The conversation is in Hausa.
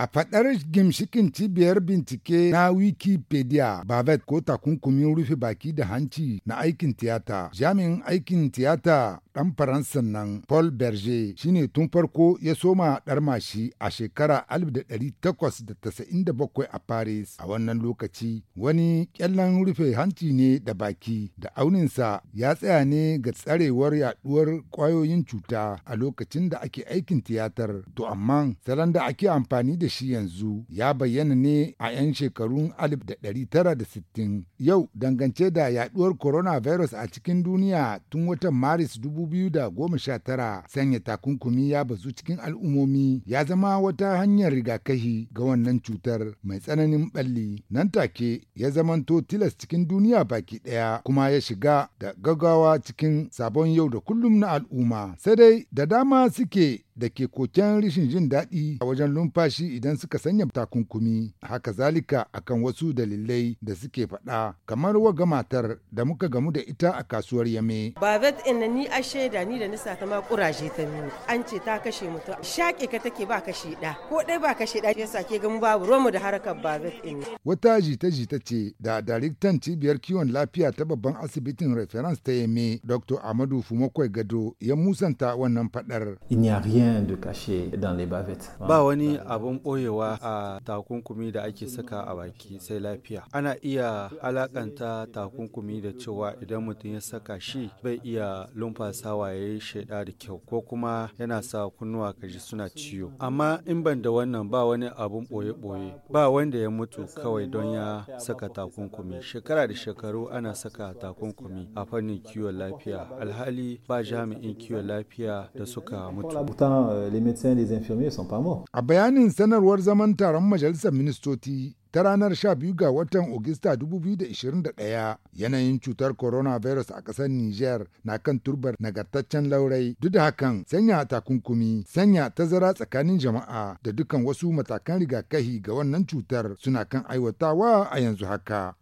A faɗar gimshikin cibiyar bincike na Wikipedia, Babet ko takunkumin rufe baki da hanci na aikin tiyata, jami'in aikin tiyata ɗan Faransan nan Paul Berger shine tun farko ya soma ɗarmashi a shekara 1897 a Paris a wannan lokaci wani ƙyallen rufe hanci ne da baki da auninsa ya tsaya ne ga tsarewar yaɗuwar ƙwayoyin cuta a lokacin da ake aikin tiyatar to amma salon da ake amfani da shi yanzu ya bayyana ne a 'yan shekarun 1960 yau dangance da yaɗuwar coronavirus a cikin duniya tun watan Maris dubu. 2019 sanya takunkumi ya bazu cikin al'ummomi ya zama wata hanyar rigakahi ga wannan cutar mai tsananin balli nan take ya zamanto tilas cikin duniya baki ɗaya kuma ya shiga da gaggawa cikin sabon yau da kullum na al'umma sai dai da dama suke da ke koken rishin jin daɗi a wajen numfashi idan suka sanya takunkumi haka zalika akan wasu dalilai da suke faɗa kamar waga matar da muka gamu da ita a kasuwar yame. zat inna ni a shaida ni da nisa ta ma kuraje ta ni an ce ta kashe mutum shaƙe ka take ba kashe ɗa ko ɗai ba kashe ɗa sa ke gamu babu romu da harakar zat ina. Wata jita-jita ce da daliktan cibiyar kiwon lafiya ta babban asibitin reference ta yame Dr. Amadu Fumakwai Gado ya musanta wannan faɗar. rien de caché dans les bavettes. Ba wani abun boyewa a takunkumi da ake saka a baki sai lafiya. Ana iya alakanta takunkumi da cewa idan mutum ya saka shi bai iya lumfasawa ya yi shaida da kyau ko kuma yana sa kunnuwa kaji suna ciwo. Amma in ban da wannan ba wani abun boye-boye ba wanda ya mutu kawai don ya saka takunkumi. Shekara da shekaru ana saka takunkumi a fannin kiwon lafiya alhali ba jami'in kiwon lafiya da suka mutu. Euh, a bayanin sanarwar zaman taron majalisar ministoci ta ranar 12 ga watan Ogista 2021 yanayin cutar coronavirus a ƙasar Niger na kan turbar nagartaccen laurai duk da hakan sanya takunkumi sanya tazara tsakanin jama'a da dukkan wasu matakan rigakahi ga wannan cutar suna kan aiwatawa a yanzu haka.